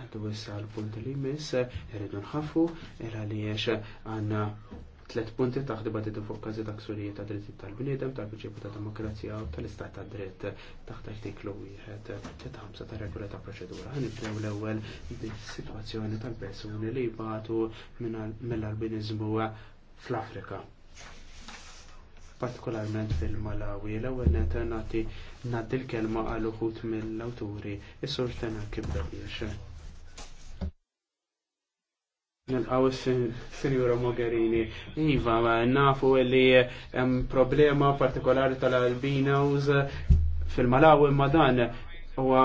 Għaddu issa l-punt li jmiss, irridu nħafu era li jiex għanna tlet punti taħt dibattitu fuq każi ta' ksurijiet ta' dritt tal-bniedem, tal-prinċipju ta' demokrazija u tal-istat ta' dritt taħt artiklu wieħed ta' ħamsa ta' regola ta' proċedura. Nibdew l-ewwel bis-sitwazzjoni tal-persuni li jbatu mill-albinizmu fl-Afrika partikolarment fil-Malawi, l-ewwel netta nati l-kelma għal uħut mill-awturi, is tena kibda biex. Nilqaw s-Senjura Mogherini. Iva, nafu li hemm problema partikolari tal-albinos fil-Malawi imma dan huwa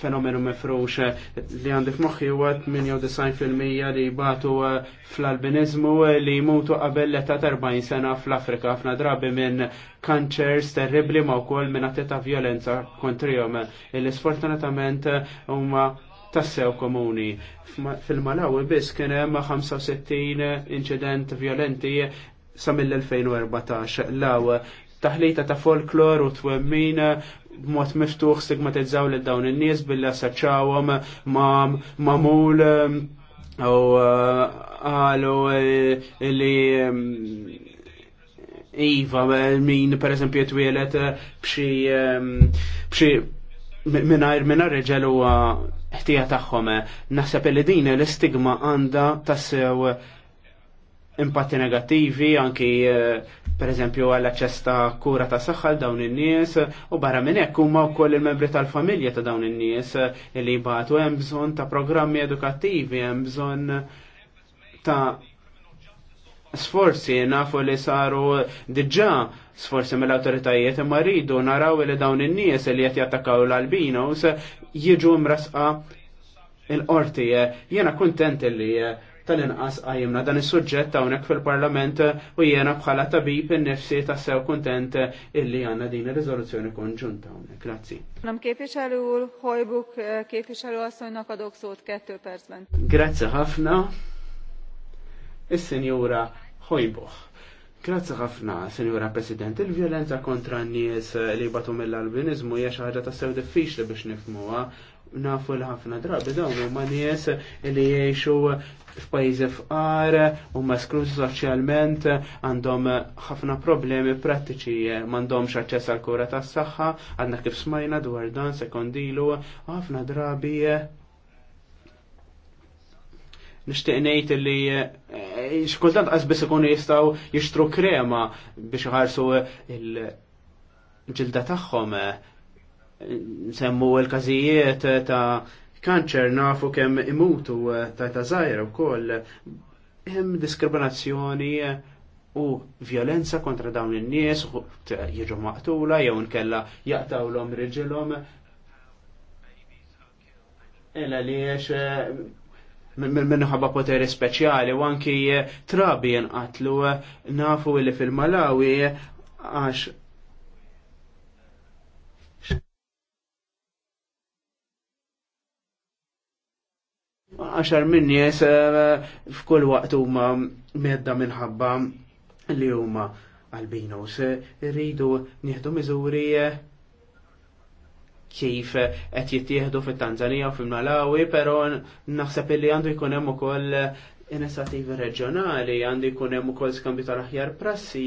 fenomenu mefrux li għandif moħħi huwa 98% li batu eh, fl-albinizmu li jmutu qabel l-età 40 sena fl-Afrika ħafna drabi minn kanċers terribli ma wkoll minn ta' violenza kontrihom. Illi sfortunatament huma tassew komuni. Fil-Malawi biss kien hemm 65 inċident violenti sa mill-2014 law taħlita ta' folklor u twemmin b'mod miftuħ stigmatizzaw lil dawn in-nies billi assaċċawhom ma' mamul um, u uh, għalu uh, li um, Iva, min per eżempju jitwielet uh, b'xi um, minar minar reġel huwa ħtija tagħhom. Naħseb li din l-istigma għandha tassew impatti negattivi anki eh, per eżempju għall aċċess ta' kura ta' saħħal dawn in-nies u barra minn hekk huma wkoll il-membri tal-familja ta' dawn in-nies eh, li jbagħtu hemm bżonn ta' programmi edukattivi, hemm bżonn ta' sforzi nafu li saru diġa sforzi mill autoritajiet imma rridu naraw li dawn in-nies li qed jattakaw l-albinos jiġu mrasqa il-qorti. Jiena kuntent li tal-inqas għajimna dan is-suġġett hawnhekk fil-Parlament u jiena bħala tabib innifsi tassew kuntent illi għandna din ir-riżoluzzjoni konġunta hawnhekk. Grazzi. Nam képviselő úr, Hojbuk eh, képviselő asszonynak adok sot kettu percben. Grazzi ħafna is-Sinjura Hojbuħ. Grazzi ħafna, Sinjura President, il-violenza kontra n-nies li batu mill-albinizmu hija xi ħaġa tassew diffiċli biex nifmuha. Nafu l ħafna drabi dawn huma nies li jgħixu f'pajjiżi fqar, huma skrużi soċjalment, għandhom ħafna problemi prattiċi, m'għandhomx aċċess għall kura tas-saħħa, għandna kif smajna dwar dan sekondilu, ħafna drabi nishtiq ngħid li eh, eh, xkultant qas biss ikunu jistgħu jixtru krema biex iħarsu eh, il-ġilda tagħhom semmu l-każijiet ta' kanċer nafu kemm imutu ta' ta' żgħira wkoll hemm diskriminazzjoni u violenza kontra dawn in-nies jiġu maqtula jew nkella jaqtawlhom riġilhom Ela li minħabba poteri speċjali u anki eh, trabi jenqatlu eh, nafu li fil-Malawi eh, għax għaxar minn nies f'kull waqt huma medda minħabba li huma albinos. Rridu nieħdu miżuri kif qed jittieħdu fit-Tanzania u fil-Malawi, però naħseb li għandu jkun hemm ukoll inizjattivi reġjonali, għandu jkun hemm ukoll skambju tal-aħjar prassi.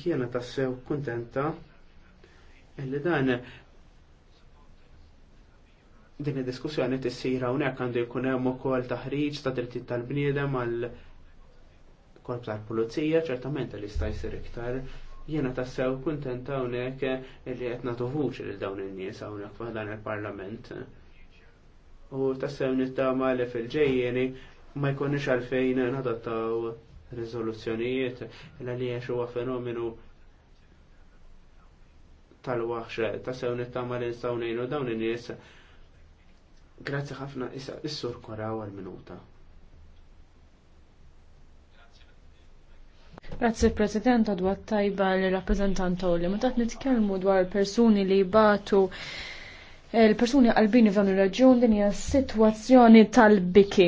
Jiena tassew kuntenta illi dan din id-diskussjoni tissir hawnhekk għandu jkun hemm ukoll taħriġ ta' drittijiet tal-bniedem għal korp tal-pulizija ċertament li jista' jsir iktar Jiena tassew kuntenta hawnhekk li qed nagħtu vuċi lil dawn in-nies hawnhekk f'dan il-Parlament. U tassew nittama li fil-ġejjeni ma jkunniex għalfejn nadattaw riżoluzzjonijiet illa li għax huwa fenomenu tal-waħx. Tassew nittama li nistgħu ngħinu dawn in-nies. Grazzi ħafna, issa issur koraw għal-minuta. Grazzi President għadwat tajba li rappresentant li ma taħt nitkellmu dwar persuni li batu eh, l-persuni qalbini f'dan ir-raġun din hija sitwazzjoni tal-biki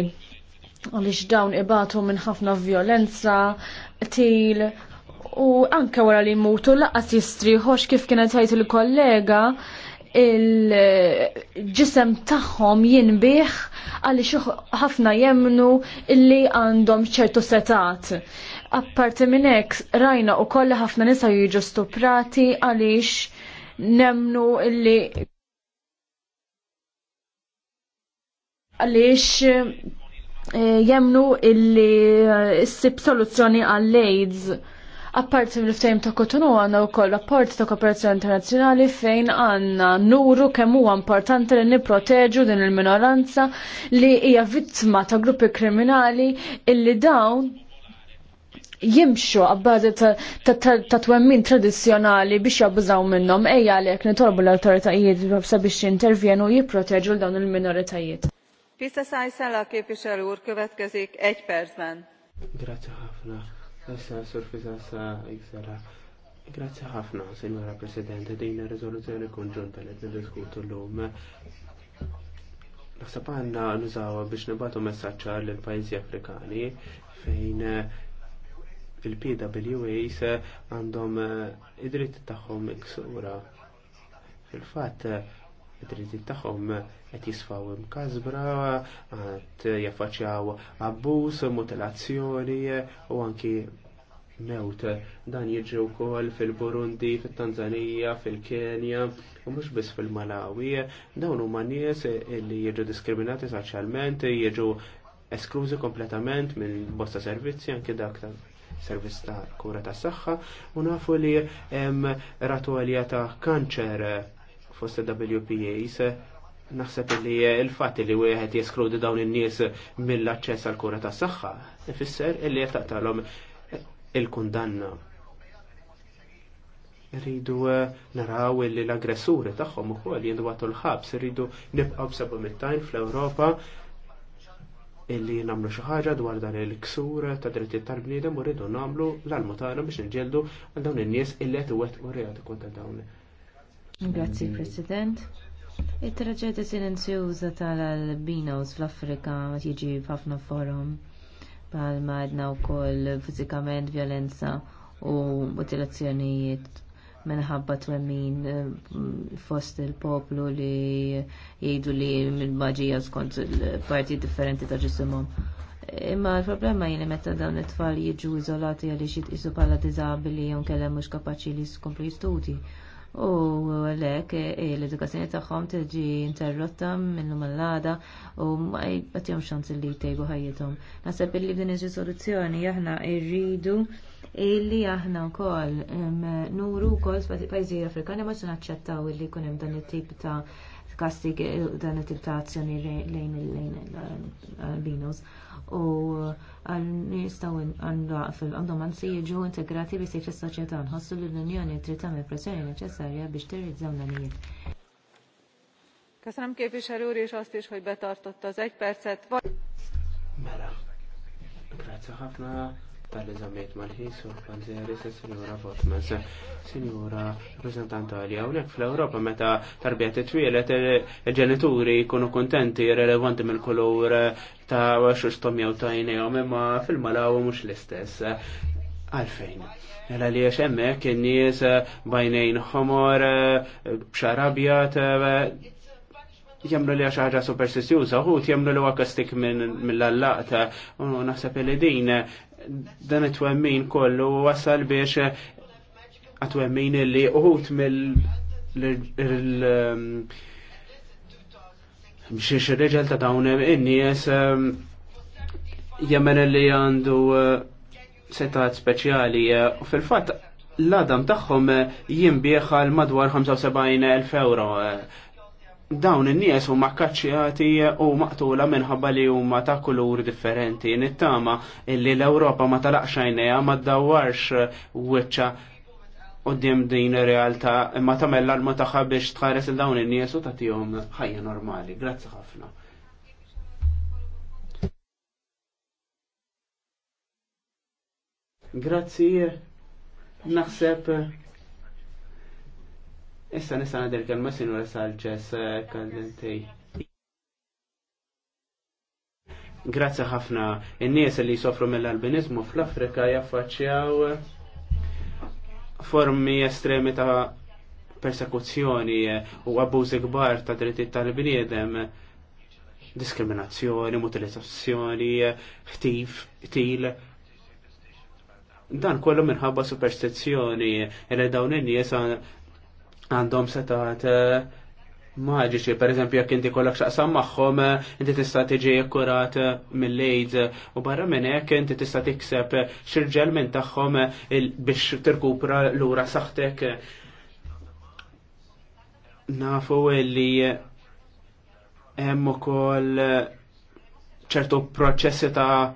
għaliex dawn ibatu minn ħafna violenza, til u anke wara li mutu laqas jistriħox kif kienet ħajt il-kollega il-ġisem tagħhom jinbih għaliex ħafna jemnu illi għandhom ċertu setat. Apparti minn hekk rajna u kolla ħafna nisa jiġu stuprati għaliex nemnu illi għaliex eh, jemnu illi eh, s-sib soluzzjoni għall-AIDS. Apparti mill-ftajm ta' Kotonu għanna u koll rapporti ta' kooperazzjoni internazzjonali fejn għanna nuru kemm huwa importanti li niproteġu din il-minoranza li hija vittma ta' gruppi kriminali illi dawn jimxu għabbażi ta' twemmin tradizjonali biex jabbużaw minnom ejja għalek nitolbu l-autoritajiet sabiex jintervjenu jipproteġu dawn il-minoritajiet. Pista Sajsela képviselő úr következik egy percben. Grazie ħafna. Issa surfisa sa iksela. Grazie ħafna, Signora Presidente, din ir-riżoluzzjoni konġunta li l-lum. Naħseb għanna nużawa biex nibatu messaċċa l-pajzi Afrikani fejn il-PWAs għandhom eh, id-dritt tagħhom iksura. Fil-fatt eh, id-dritt tagħhom qed jisfaw imkazbra, għet jaffaċċjaw abbuż, mutilazzjoni eh, u anki mewt. Dan jiġri wkoll fil-Burundi, fit tanzania fil-Kenja, u mhux biss fil-Malawi. Dawn huma nies li jiġu diskriminati soċjalment, jiġu esklużi kompletament minn bosta servizzi anke dak servizz ta' kura ta' saħħa u nafu li hemm ratolja ta' kanċer fost WPAs naħseb li il fat li wieħed jeskludi dawn in-nies mill-aċċess għal kura ta' saħħa ifisser illi qed taqtalhom il-kundanna. Rridu eh, naraw li l-aggressuri tagħhom ukoll jindwatu l-ħabs, rridu nibqgħu b'seba' fl-Ewropa illi namlu xi ħaġa dwar dan il-ksur ta' drittijiet tal-bniedem u rridu nagħmlu l-almu tagħna biex inġeldu għal dawn in-nies illi qed iwettqu reati kontra dawn. Grazzi President. It-traġedja silenzjuża tal-albinos fl-Afrika ma tiġi f'ħafna forum bħalma għedna wkoll fiżikament violenza u mutilazzjonijiet minħabba twemmin eh, fost il-poplu li jgħidu li mill-maġija skont il-parti differenti ta' ġisimhom. Imma l-problema jini meta dawn it-tfal jiġu izolati għalli xit isu pala dizabili jom kellem mhux kapaċi li skomplu jistuti. U għalek eh, l-edukazzjoni tagħhom tiġi interrotta minnu mal-għada u ma jgħatjom xanzi li jtejbu ħajjithom. Nasab li din iġi soluzzjoni aħna irridu illi aħna kol nuru kol pajjiżi Afrikani ma se naċċettaw illi kunem dan il tip ta' kastig dan il tip ta' azzjoni lejn il-albinos. lejn U għal-nistaw għandhom għansi jiġu integrati bi sejf is-soċjetà nħossu l-Unjoni trid tagħmel pressjoni neċessarja biex tirrizzaw l-għanijiet. Köszönöm képviselő úr, és azt is, hogy betartotta az egy percet. Mela, grazzi ħafna, tal-eżamiet mal-ħisu, panzeri, senjura Votmans, senjura rappresentanta għalli għawnek fl-Europa meta tarbiet it-twielet il-ġenituri kunu kontenti relevanti mill kolur ta' xustom jew ta' jnejhom, imma fil-malaw mux l-istess. Għalfejn. Ela li hemmhekk in-nies bajnejn homor, b'xarabjat jemlu li għax ħagħa superstizjuża, u jemlu li għakastik minn l-allata, u naħseb li din dan it-twemmin kollu wasal biex għat-twemmin li uħut mill biex reġel ta' dawn inni jes um, jemmen li għandu uh, setat speċjali u uh, fil-fatt l-adam tagħhom jimbieħal għal madwar 75,000 euro dawn in-nies huma kkaċċjati u maqtula minħabba li huma ta' kulur differenti. Nittama illi l-Ewropa ma talaqx għajnejha ma ddawwarx wiċċa qudiem din ir-realtà imma tagħmel l alma tagħha biex tħares il dawn in-nies u tagħtihom ħajja normali. Grazzi ħafna. Grazzi, naħseb Issa nista nadir kelma sinura salġes eh, kallentej. Grazzi ħafna. In-nies li jsofru mill-albinizmu fl-Afrika jaffaċċjaw formi estremi ta' persekuzzjoni u abbużi kbar ta' drittijiet tal-bniedem diskriminazzjoni, mutilizzazzjoni, ħtif, til. Dan kollu minħabba superstizzjoni, li dawn in-nies għandhom setat eh, maġiċi, per eżempju, jek inti kollok xaqsam maħħom, eh, inti tista' tiġi kurat eh, mill-lejd u barra minn hekk inti tista' tikseb xirġel minn tagħhom biex tirkupra lura saħtek. Nafu li hemm ukoll ċertu proċessi ta'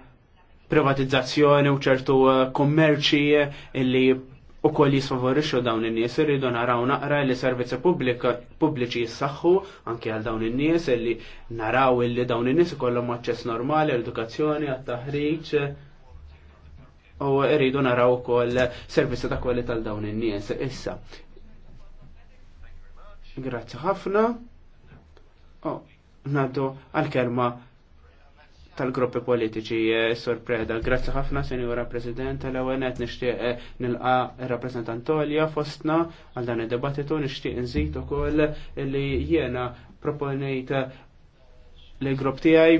privatizzazzjoni u ċertu kummerċi illi u koll jisfavorixxu dawn in-nies irridu naraw naqra li servizzi pubbliċi jissaħħu anke għal dawn in-nies li naraw li dawn in-nies ikollhom aċċess normali edukazzjoni għat-taħriġ u rridu naraw ukoll servizzi ta' kwalità għal dawn in-nies issa. Grazzi ħafna. Oh, nadu għal-kelma tal-gruppi politiċi eh, sorpreda. Grazzi ħafna, Senjora President, l-ewenet nishtiq eh, nilqa rappresentant Tolja fostna għal dan id-debattitu nishtiq nżid ukoll li jiena proponejt eh, li grupp tiegħi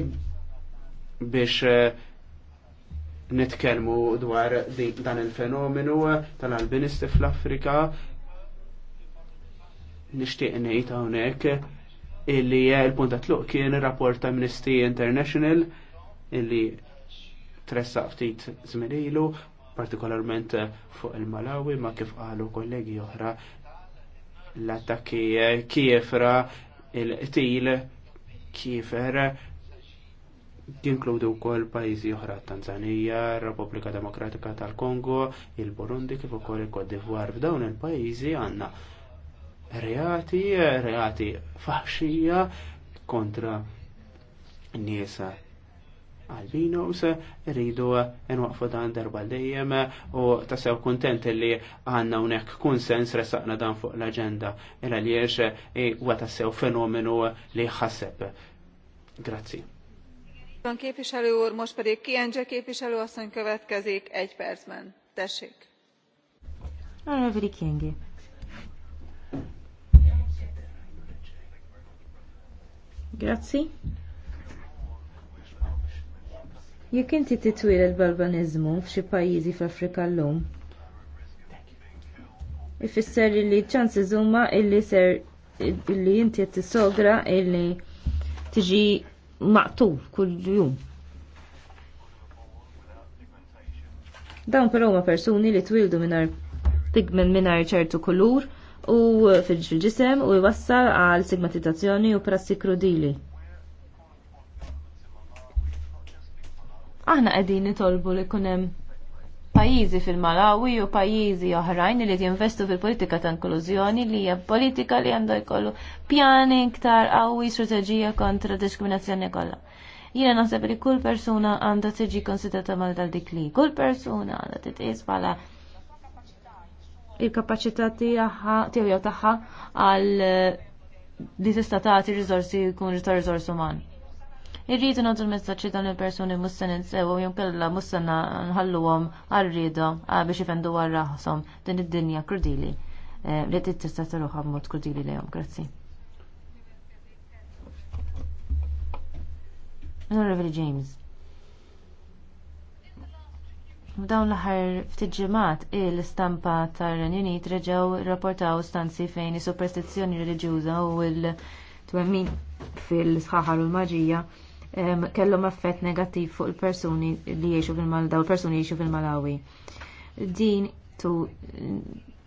biex nitkellmu dwar dan il-fenomenu tal-albinisti fl-Afrika nishtiq ngħid hawnhekk illi l-punta tluq kien rapport ta' Amnesty International illi tressa ftit zmenilu, partikolarment fuq il-Malawi, ma kif qalu kollegi oħra l-attakki kiefra il-til kiefer jinkludu wkoll pajjiżi oħra Tanzania, Repubblika Demokratika tal-Kongo, il-Burundi kif ukoll il-Kod d'Ivoire. F'dawn il-pajjiżi għandna reati, reati faħxija kontra n-niesa għal Albinos rridu n-waqfu dan darba dejjem u tasew kontent li għanna unek konsens resaqna dan fuq l-agenda il għaliex e, huwa tassew fenomenu li ħaseb. Grazzi. Van képviselő úr, most pedig Kienge képviselő asszony következik egy percben. Tessék. Rövidi Kienge. Grazie. Jekk inti titwil il-balbanizmu f'xi pajjiżi fl-Afrika llum, ifisser li ċansi huma illi ser illi inti qed tisogra illi tiġi maqtub kull jum. Dawn però huma persuni li twildu mingħajr pigment mingħajr ċertu kulur u fil-ġisem u jwassal għal stigmatizzazzjoni u prassi krudili. Aħna qegħdin nitolbu li jkun hemm pajjiżi fil-Malawi u pajjiżi oħrajn li jinvestu fil-politika ta' inklużjoni li hija politika li għandha jkollu pjani iktar qawwi strateġija kontra diskriminazzjoni kollha. Jiena naħseb li kull persuna għandha tiġi konsidrata mal dal dik li kull persuna għandha titqies bħala il-kapaċità tiegħu jew tagħha għal li tista' tagħti riżorsi jkun ta' riżorsi uman. Irridu nagħtu l-messaġġi dan il-persuni mussa u jew mussan nħallu nħalluhom għal-rieda biex ifendu għal raħsom din id-dinja krudili eh, li tista' tista' b'mod krudili lejhom. Grazzi. Honorable James. Dawn l-aħħar ftit ġimgħat il stampa tar-Renju Unit reġgħu rapportaw stanzi fejn is-superstizzjoni reliġjuża u l-twemmin fil-sħaħar u l-maġija kellhom effett negattiv fuq il-persuni li jgħixu fil daw il-persuni jgħixu fil-Malawi. Din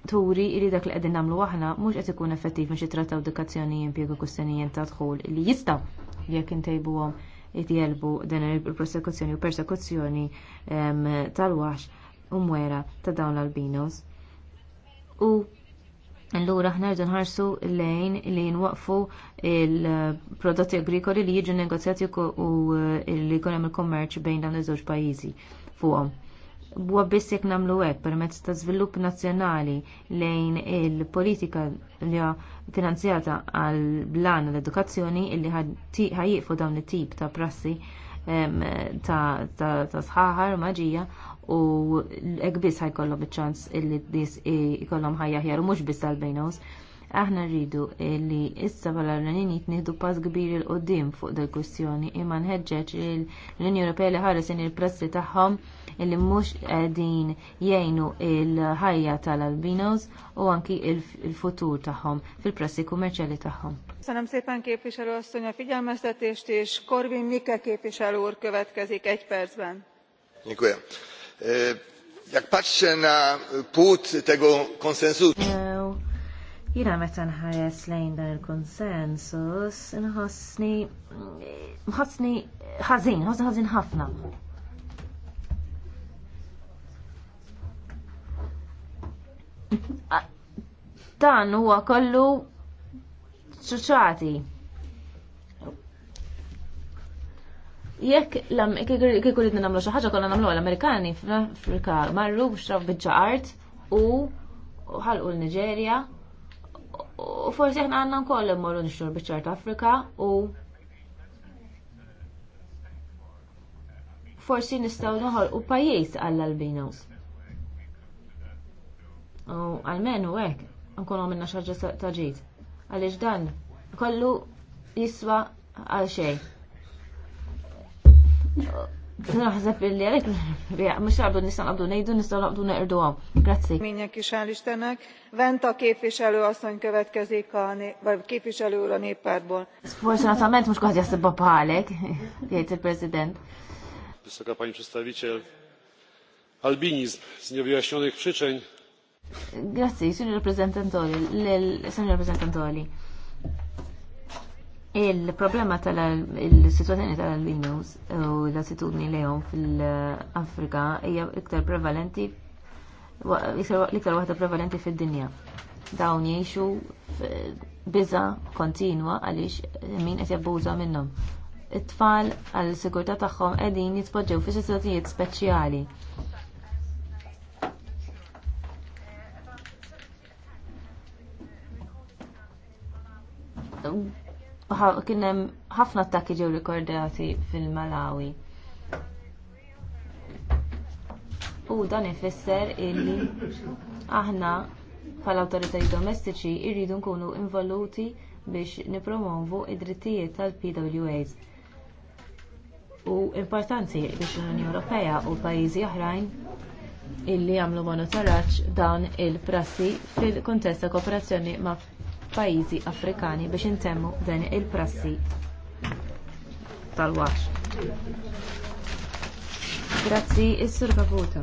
turi li dak li qegħdin nagħmlu aħna mhux qed ikun effettiv mhux jitrattaw edukazzjoni impjegu kustenijiet ta' dħul li jistgħu jekk intejbuhom jitjelbu dan il-prosekuzzjoni u persekuzzjoni tal-wax u mwera ta' dawn l-albinos. U Allura ħna rridu nħarsu lejn li nwaqfu il-prodotti agrikoli li jiġu negozjati u li jkun hemm il-kummerċ bejn dawn iż-żewġ pajjiżi fuqhom. Bwa biss jekk nagħmlu hekk permezz ta' żvilupp nazzjonali lejn il-politika li finanzjata għal blan l-edukazzjoni illi ħajjiqfu dawn it-tip ta' prassi ta' sħaħar maġija u ekbis ħajkollhom iċ-ċans illi dis ikollhom ħajja ħjar u mhux biss tal-bejnos. Aħna rridu li issa bħala l-Lenin jitnieħdu pass kbir il qoddim fuq dal kwistjoni imma nħeġġeġ l-Unjoni Ewropea li in il-prassi tagħhom illi mhux qegħdin jgħinu il-ħajja tal-albinos u anki il-futur tagħhom fil pressi kummerċjali tagħhom. Sanam szépen képviselő asszony a figyelmeztetést, és Korvin Mike képviselő úr következik egy percben. E, jak patrzę na płód tego konsensusu. Jina meta nħares lejn dan il-konsensus, nħossni, nħossni ħażin, nħossni ħażin ħafna. Dan huwa kollu ċuċati. Jekk kieku ridna nagħmlu xi ħaġa kollha nagħmluha l-Amerikani fl-Afrika marru xtraf art u ħalqu l-Niġerja u forsi aħna għandna nkoll immorru nixtru biċċart Afrika u forsi nistgħu noħolqu pajjiż għall-albinos. U għalmen u hekk nkunu minna xi ħaġa ta' ġid. Għaliex dan kollu jiswa għal xejn. Naħseb illi għalek, mux għabdu nistan għabdu nejdu, nistan għabdu neqrdu għam. Grazzi. Minnek is Istennek, Venta képviselő asszony következik a vagy képviselő úr a néppártból. Fortunatament mux kħad jassibba bħalek, jgħid il-president. Wysoka pani przedstawiciel, albinizm z niewyjaśnionych przyczyn. Grazzi, signor reprezentantoli, signor reprezentantoli. Il-problema tal-situazzjoni tal-albinos u l-attitudni lejhom fil-Afrika hija iktar prevalenti l-iktar waħda prevalenti fid-dinja. Dawn jgħixu biża kontinwa għaliex min qed jabbuża minnhom. It-tfal għal sigurtà tagħhom qegħdin jitpoġġew fi sitwazzjonijiet speċjali kienem ħafna attakki ġew rikordati fil-Malawi. U dan ifisser illi aħna bħala awtoritajiet domestiċi irridu nkunu involuti biex nipromovu id-drittijiet tal-PWAs. U importanti biex l-Unjoni Ewropea u pajjiżi oħrajn illi għamlu monitoraġġ dawn il-prassi fil-kuntest ta' kooperazzjoni ma' pajjiżi Afrikani biex intemmu dan il-prassi tal-wax. Grazzi, is-sur Kavuta.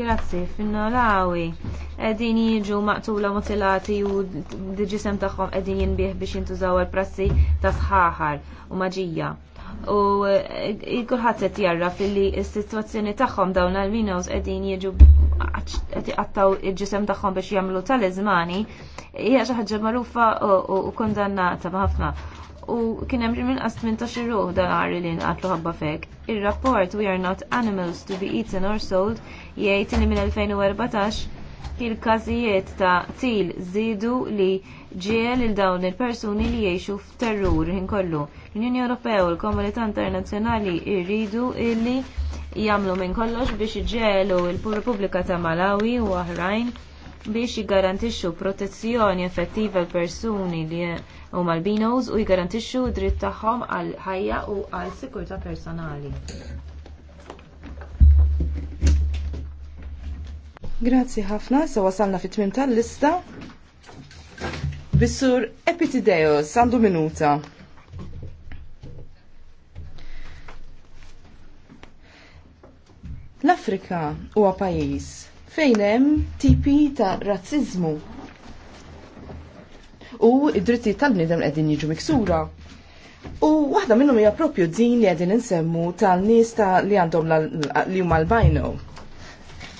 Grazzi, f'inna nolawi Qegħdin jiġu maqtula mutilati u d-ġisem tagħhom qegħdin jinbih biex jintużaw il-prassi ta' sħaħar u maġija u eh, kulħadd qed jarraf li s-sitwazzjoni tagħhom dawn għal-minos qegħdin jiġu qed iqattaw il-ġisem tagħhom biex jagħmlu tal-iżmani hija xi ħaġa magħrufa u kondannata ħafna u kien hemm minn qas 18 dan għarri li nqatlu ħabba fek. Ir-rapport We are not animals to be eaten or sold jgħid li minn 2014 fil każijiet ta' til żiedu li ġiel il dawn il-persuni li jgħixu f'terrur kollu. L-Unjoni Ewropea u l-Komunità Internazzjonali jridu illi jagħmlu minn kollox biex iġelu l repubblika ta' Malawi u oħrajn biex jiggarantixxu protezzjoni effettiva l persuni li huma albinos u jiggarantixxu dritt tagħhom għal ħajja u għal sikurtà personali. Grazzi ħafna, se wasalna fit tmim tal-lista. Bissur Epitideos, għandu minuta. L-Afrika huwa pajjiż fejn hemm tipi ta' razziżmu u id-dritti tal-bniedem qegħdin jiġu miksura. U waħda minnhom hija proprju din li qegħdin insemmu tal-nies ta' li għandhom li huma l-bajnu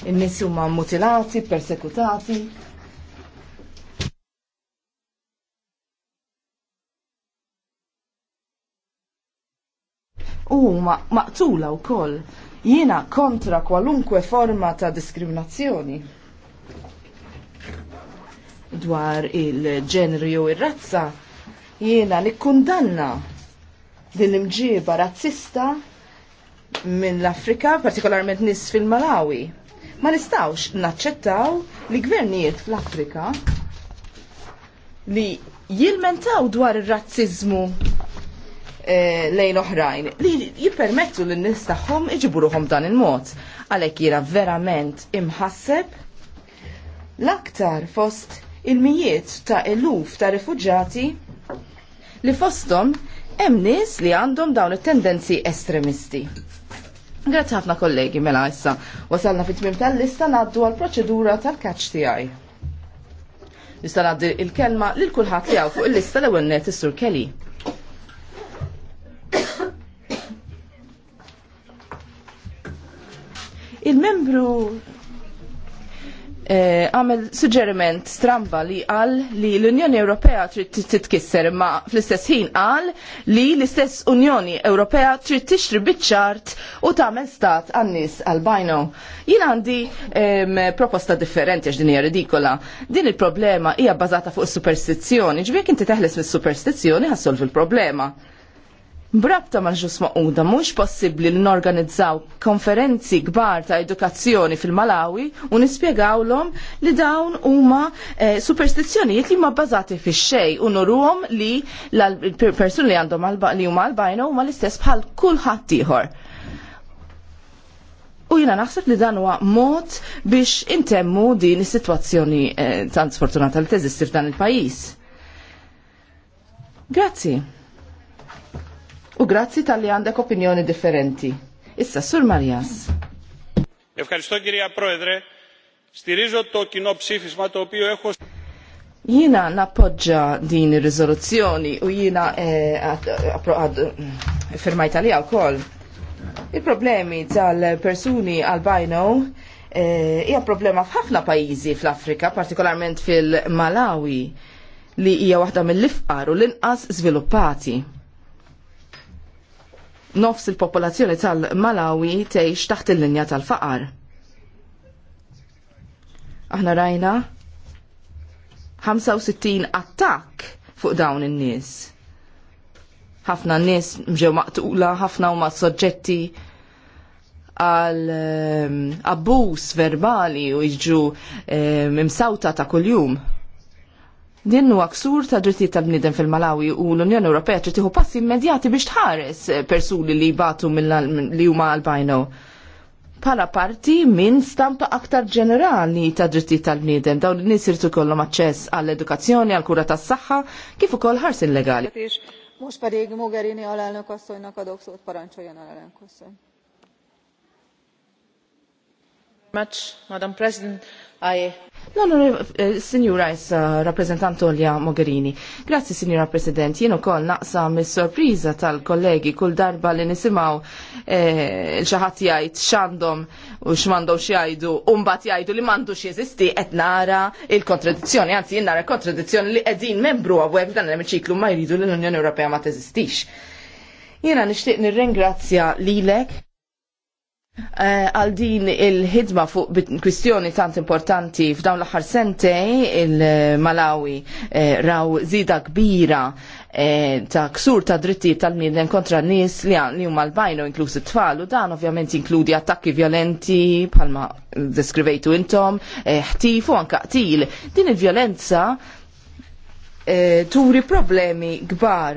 in-nies huma mutilati, persekutati. U maqtula wkoll jiena kontra kwalunkwe forma ta' diskriminazzjoni dwar il-ġenri u ir-razza jiena nikkundanna din imġiba razzista mill-Afrika, partikolarment nis fil-Malawi. Ma nistawx naċċettaw li gvernijiet fl-Afrika li jilmentaw dwar ir-razziżmu eh, lejn oħrajn li jippermettu l-nis tagħhom iġiburuhom dan il-mod. Għalhekk jiena verament imħasseb l-aktar fost il-mijiet ta' eluf ta' rifuġġati li fosthom hemm nies li għandhom dawn it-tendenzi estremisti. Grazie ħafna kollegi mela issa. Wasalna fit-tmim tal-lista naddu għal-proċedura tal-catch tiegħi. Nista' ngħaddi il-kelma lil kulħadd li fuq il-lista l-ewwel net is-Sur Kelly. Il-membru Eh, għamil suġġeriment stramba li qal li l-Unjoni Ewropea trid titkisser imma fl-istess ħin qal li l-istess Unjoni Ewropea trid tixtri biċ-ċart u tagħmel stat għan-nies albino. Jien għandi proposta differenti għax din hija ridikola. Din il-problema hija bbażata fuq is superstizzjoni, ġbir inti teħles mis-superstizzjoni ħassolvi l problema Brabta ma' ġus maquda mhux possibbli li norganizzaw konferenzi kbar ta' edukazzjoni fil-Malawi u nispjegawlhom li dawn huma eh, superstizzjonijiet li ma bbażati fix xej u nurhom li l-persuni li għandhom li huma albajna huma l-istess bħal kulħadd ieħor. U jina naħseb li dan huwa mod biex intemmu din is-sitwazzjoni eh, tant sfortunata li teżisti f'dan il-pajjiż. Grazzi u grazzi tal-li għandek opinjoni differenti. Issa, Sur Marjas. Ευχαριστώ κυρία Πρόεδρε. Στηρίζω το κοινό ψήφισμα το οποίο έχω... Jina nappoġġa din ir-riżoluzzjoni u jina eh, firmajta li wkoll. Il-problemi tal-persuni albino eh, hija problema f'ħafna pajjiżi fl-Afrika, partikolarment fil-Malawi li hija waħda mill-ifqar u l-inqas żviluppati nofs il-popolazzjoni tal-Malawi tgħix taħt il-linja tal-faqar. Aħna rajna 65 attakk fuq dawn in-nies. Ħafna nies mġew maqtula, ħafna huma soġġetti għal ehm, abbuż verbali u jiġu ehm, msawta ta' kuljum. Din huwa ksur ta' drittijiet tal-bniedem fil-Malawi u l-Unjoni Ewropea trid tieħu passi immedjati biex tħares persuni li jbatu li huma albino. Pala parti minn stampa aktar ġenerali ta' drittijiet tal-bniedem dawn in-nies irid ikollhom aċċess għall-edukazzjoni, għall-kura tas-saħħa kif ukoll ħarsin legali. għal pedig Mogherini alelnök asszonynak adok szót, parancsoljon għal asszony. Madam President, I... No, no, eh, signora issa eh, rappresentant Olja Mogherini. Grazie signora President. Jien ukoll naqsa mis-sorpriża tal-kollegi kull darba li nisimgħu l-xaħat eh, jgħid x'għandhom u xmandom jgħidu u mbagħad jgħidu li m'għandux jeżisti qed nara il-kontradizzjoni, anzi jien nara kontradizzjoni li qegħdin membru hawnhekk dan l emiciklu ma jridu l-Unjoni Ewropea ma teżistix. Jiena nixtieq nirringrazzja lilek Eh, għal din il-ħidma fuq kwistjoni tant importanti f'dawn l-aħħar sentej il-Malawi eh, raw zida kbira eh, ta' ksur ta' drittijiet tal-mieden kontra n-nies li huma l-bajnu inklusi tfal u dan ovvjament inkludi attakki violenti bħalma deskrivejtu intom, ħtif u anka qtil. Din il-vjolenza Eh, turi problemi kbar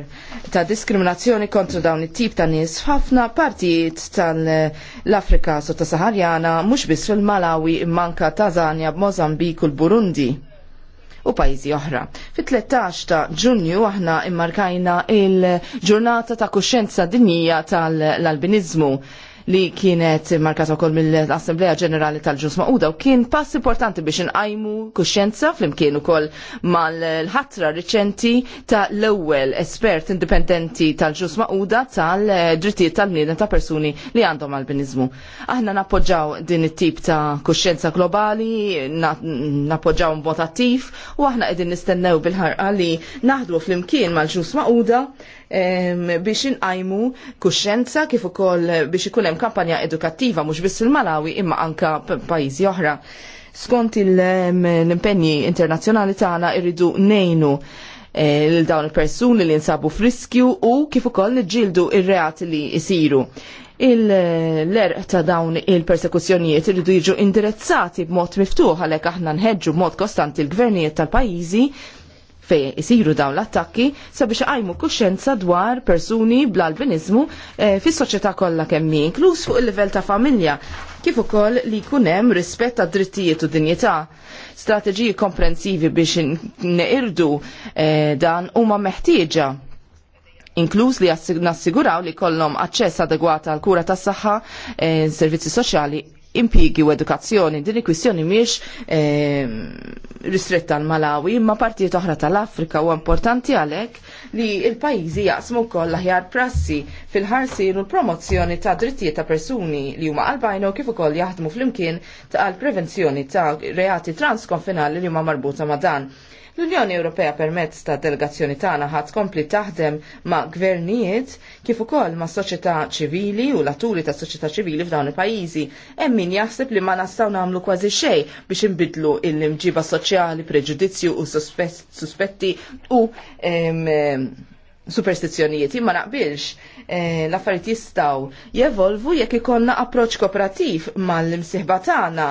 ta' diskriminazzjoni kontra dawn it-tip ta' nies f'ħafna partijiet tal-Afrika sotta-Saharjana mhux biss fil-Malawi immanka Tanzania, u l-Burundi u pajjiżi oħra. Fit-13 ta' Ġunju aħna immarkajna il-ġurnata ta' kuxjenza dinija tal albinizmu li kienet markata wkoll mill-Assembleja Ġenerali tal-Ġus Maquda u kien pass importanti biex inqajmu kuxjenza flimkien ukoll mal-ħatra riċenti ta' l-ewwel espert indipendenti tal-Ġus Maquda tal-drittijiet tal-bniedem ta' persuni li għandhom albinizmu. Aħna nappoġġaw din it-tip ta' kuxjenza globali, nappoġġaw mbot attiv u aħna qegħdin nistennew bil-ħarqa li naħdmu flimkien mal-Ġus Maquda biex inqajmu kuxenza kif ukoll biex ikun hemm kampanja edukattiva mhux biss fil malawi imma anka pajjiżi oħra. Skont l-impenji internazzjonali tagħna irridu nejnu eh, l dawn il-persuni li nsabu friskju u kif ukoll niġġieldu ir-reati li jsiru il-lerq ta' dawn il-persekuzzjonijiet irridu jiġu indirizzati b'mod miftuħ għalhekk aħna nħeġġu b'mod kostanti l-gvernijiet tal-pajjiżi fej isiru dawn l-attakki sabiex għajmu kuxenza dwar persuni bl-albinizmu e, eh, fis soċjetà kollha kemm inkluż fuq il-livell ta' familja, kif ukoll li jkun hemm rispett ta' drittijiet u dinjità. Strateġiji komprensivi biex neqirdu e, dan huma meħtieġa inkluż li nassiguraw li kollhom aċċess adegwata għal kura tas-saħħa, e, servizzi soċjali impjiegi u edukazzjoni. Din il-kwistjoni miex e, ristretta għal Malawi, imma partijiet oħra tal-Afrika huwa importanti għalhekk li l-pajjiżi jaqsmu wkoll aħjar prassi fil-ħarsin u l-promozzjoni ta' drittijiet ta' persuni li huma qalbajna u kif ukoll jaħdmu flimkien ta' għal prevenzjoni ta' reati transkonfinali li huma marbuta ma' dan L-Unjoni Ewropea permezz ta' delegazzjoni tagħna ħadd kompli taħdem ma' gvernijiet kif ukoll ma' soċjetà ċivili u l-atturi ta' soċjetà ċivili f'dawn il-pajjiżi. Hemm min jaħseb li ma nastgħu nagħmlu kważi xejn biex inbidlu l-imġiba soċjali, preġudizzju u suspetti u superstizzjonijiet imma naqbilx e, l-affarijiet jistgħu jevolvu jekk ikollna approċċ kooperattiv mal-imsieħba tagħna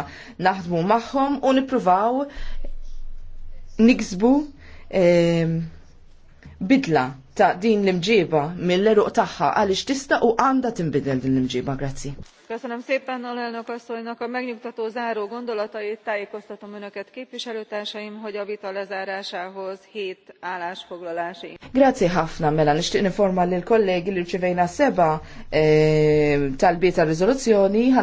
naħdmu magħhom u nippruvaw niksbu bidla ta' din l-imġiba mill-eruq taħħa għaliex tista' u għanda tinbidel din l-imġiba, grazzi. Köszönöm szépen alelnök asszonynak a megnyugtató záró gondolatait, tájékoztatom önöket képviselőtársaim, hogy a vita lezárásához hét állásfoglalási. Grazie ħafna mela nixtieq informa lill kollegi li rċivejna seba' eh, tal-bieta riżoluzzjoni